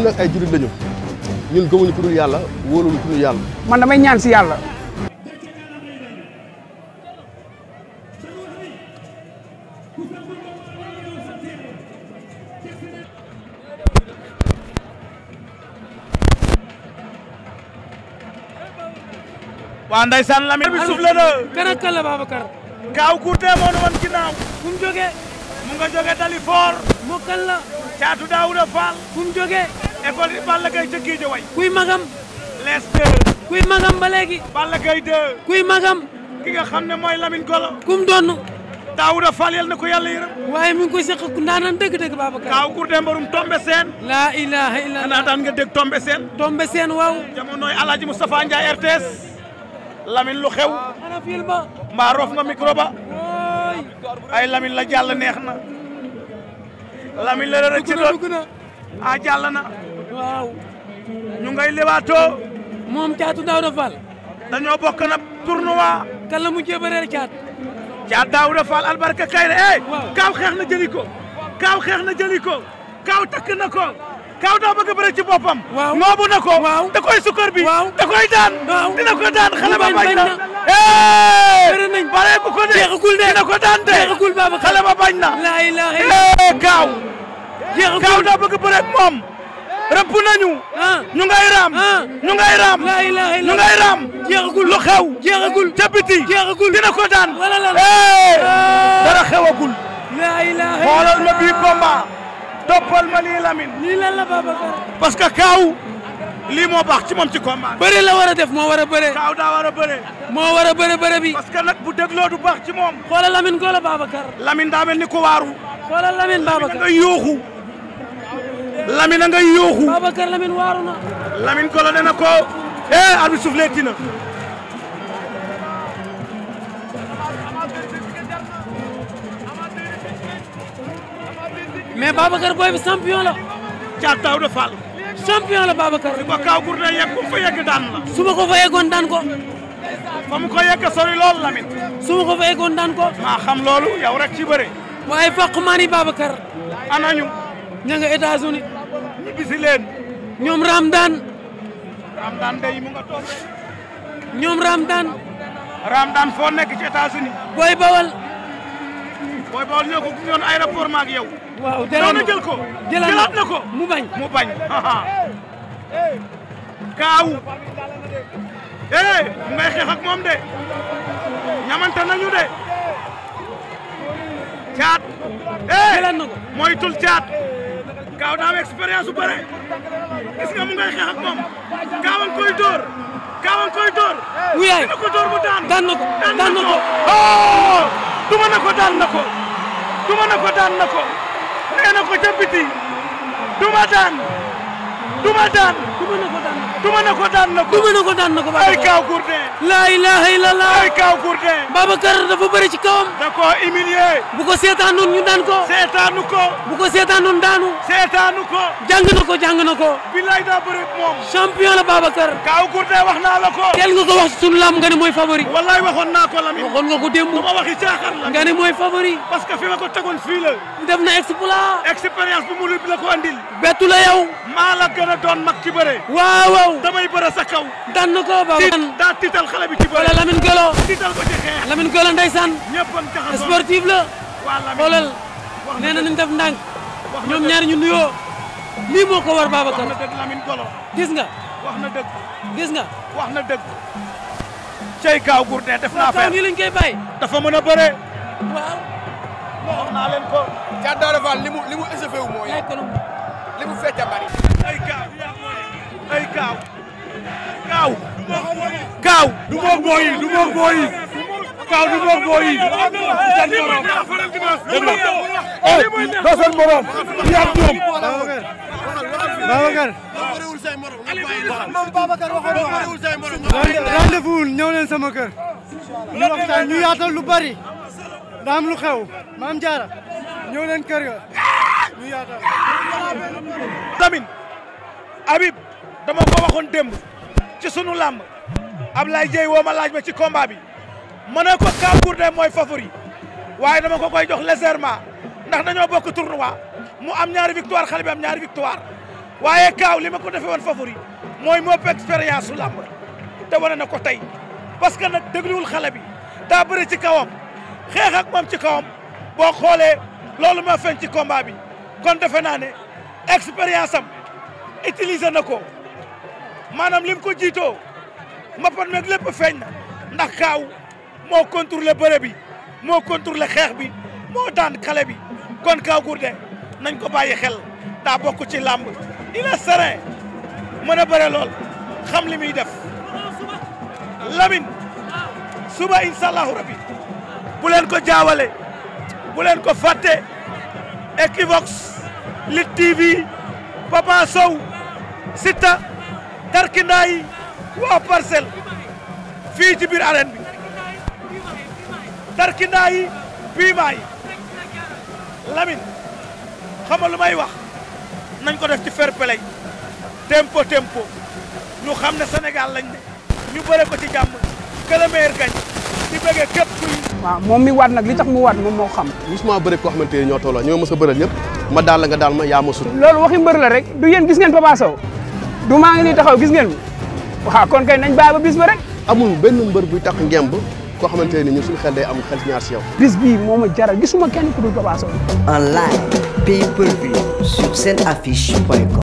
ñun nag ay jullit lañu bi suuf la na kan ak kan la kaaw kuutee moo nu woon ginnaaw fu mu nga jóge Dalifort moo kan caatu Daouda Fall fu mu école yi Balla kuy magam les deux kuy magam ba Balla Gaye 2 kuy magam ki nga ne mooy Lamine Golo kum doon Daawuda Fall yal na ko yàlla yërëm waaye mi ngi seq ku ndaanaan dëgg-dëgg kaaw Gourdin Mbarum Tombe Seen laa ilaha illa ana daan nga dégg Tombe Seen Tombe Seen waaw jamonooy Alaaji Moustapha Ndiaye RTS Lamine lu xew ana film ba mbaa roof nga micro ay Lamine la jàll neex na Lamine la rëcc doon a ah, jàll na waaw ñu ngay lewaatoo moom caatu Daouda Fall dañoo bokk na tournoi kan la mujjee bëree caat caat Daouda Fall albarka kay la eh kaaw xeex na jëli kaaw xeex na jëli kaaw takk na ko kaaw daa bëgg a bëri ci boppam moobu na ko da koy sukkar bi da koy daan dina ko daan xale ba bañ na eh bare bu ko dee dina ko daan de xale ba eh, kaaw kaaw daa bëgg bëri ak moom rëpp nañu. Ah. ñu ngay raam. Ah. ñu ngay raam. ñu ngay raam. jeexagul lu xew. jeexagul ca biti. jeexagul dina ko daan. wala la ah. dara xewagul. la ilaha xoolal ma bii combat. toppal ma lii Lamine. lii lan la Babacar. parce que Kaaw lii moo baax ci moom ci combat. bëre la war a def moo war a bëre. Kaaw daa war a bëre. moo war a bëre bëre bi. parce que nag bu dégloo du baax ci moom. xoolal Lamine góor la Babacar. Lamine daa mel ni ku waaru. xoolal Lamine Babacar Lamine da ngay yooxu. Lamine a ngay yooxu. Babacar Lamine waaru na. Lamine Kolo nee na ko eh arbitre soufflé tina. mais Babacar booy bi champion la. Thiat Daouda Fall. champion la Babacar. su ko Kaw Gourdin yegg ku fa daan la. su ko fa yeggoon daan ko. fa mu ko yegg sori lool Lamine. su ko fa yeggoon daan ko. maa xam loolu yow rek ci bëre. waaye faq maa ni Babacar. ana ñu. ña nga états ñibbisi leen. ñoom Ramadaan. Ramadaan day mu nga toog ñoom Ramadaan. Ramadaan foo nekk ci États-Unis Boy Bawal. Boy Bawal ñoo ko gunge woon aéroport ma ak yow. waaw jël ko jëlaat na ko mu bañ mu bañ. kaawu. eh ngay xeex moom de. ñamante nañu de. caat. eh moytul caat. Kaaw daa am expérience bu bëre mu ngay xeex ak moom Kaaw a ngi koy dóor a ngi koy dóor. wuyaay daan na ko daan na ko. Oh! duma na ko daan na ko duma na ko daan na ko nee na ko ca duma daan duma daan duma na ko. duma na ko daan na ko duma na ko daan na ko ay Kaw Gourdin laa ilaha illallah bëri ci kawam da ko humilier bu ko seetaanoon ñu daan ko seetaanu ko bu ko seetaanoon daanu seetaanu ko jàng na ko jàng na ko billaay daa bëri moom champion la Babacar Kaw Gourdin wax naa la ko teel nga ko wax sunu lam nga ne mooy favori wallaay waxoon naa ko Lamine waxoon nga ko démb bu ma waxi caaxaan la nga ne mooy favori parce fi ma ko tegoon fii la def na exploit expérience bu mu la ko andil bettu a kaw damay bëre sa kaw daan na ko ba daa tiital xale bi ci bëre wala Lamine Golo tiital ko ci xeex Golo ndeysaan ñëppam la xoolal nee na def ndànk ñoom ñaari ñu nuyoo lii moo ko war Babacar wax na gis nga wax na dëgg gis nga wax na dëgg cey kaaw gourdin def naa affaire nii lañ koy bàyyi dafa mën a bëre ca daara Fall li mu li mooy li mu fecca bari gaaw gaaw gaaw du moog booy yi du moog booy yi gaaw du moog booy yi doo seen morom yaa ñoom Babacar moom Babacar waxoon rendez-vous ñëw leen sama kër ñu waxtaan ñu yaatal lu bari daam lu xew maam jaara ñëw leen kër ga ñu yaatal tamit Habib dama ko waxoon démb ci sunu làmb Ablaye Dieye woo ma laaj ma ci combat bi ma ne ko Kaw Gourdin mooy favori waaye dama ko koy jox légèrement ndax dañoo bokk tournoi mu am ñaari victoire xale bi am ñaari victoire waaye Kaaw li ma ko defee woon favori mooy moo expérience su làmb te wane na ko tey parce que nag dégluwul xale bi taa bëri ci kawam xeex ak moom ci kawam boo xoolee loolu ma feeñ ci combat bi kon defe naa ne expérience am utiliser na ko. maanaam lim ko jiitoo mbapat meeg lépp feeñ na ndax kaaw moo contrôlé bëre bi moo contrôlé xeex bi moo daan xale bi kon Kaw Gourdin nañ ko bàyyi xel daa bokk ci làmb il est mën a bëre lool xam li muy def lamin suba incha allahu rabi leen ko jaawale bu ko fàtte Equivox Lit TV Papa Sow tarkindaa yi waa parcelle fii ci biir arène bi tarkindaa yi piimaa yi Lamine xam nga lu may wax nañ ko def ci fair play tempo tempo ñu xam ne Sénégal lañ ne ñu bëre ko ci jàmm que le di bëggee képp kuy. waaw moom mi waat nag li tax mu waat moom moo xam. musuma bëre koo xamante ne ñoo tolloo ñoo mës a bëral ñëpp ma daal la nga daal ma yaa ma sut. loolu waxi mbër la rek du yéen gis ngeen Papa du maa ngi nii taxaw gis ngeen waaw kon kay nañ bàyyi ba bis ba rek. amul benn mbër buy tax ngemb koo xamante ne ñun suñu xel day am xel ñaar si bis bii moo ma jara gisuma kenn ku dul Papa Sow. en live pay per view point com.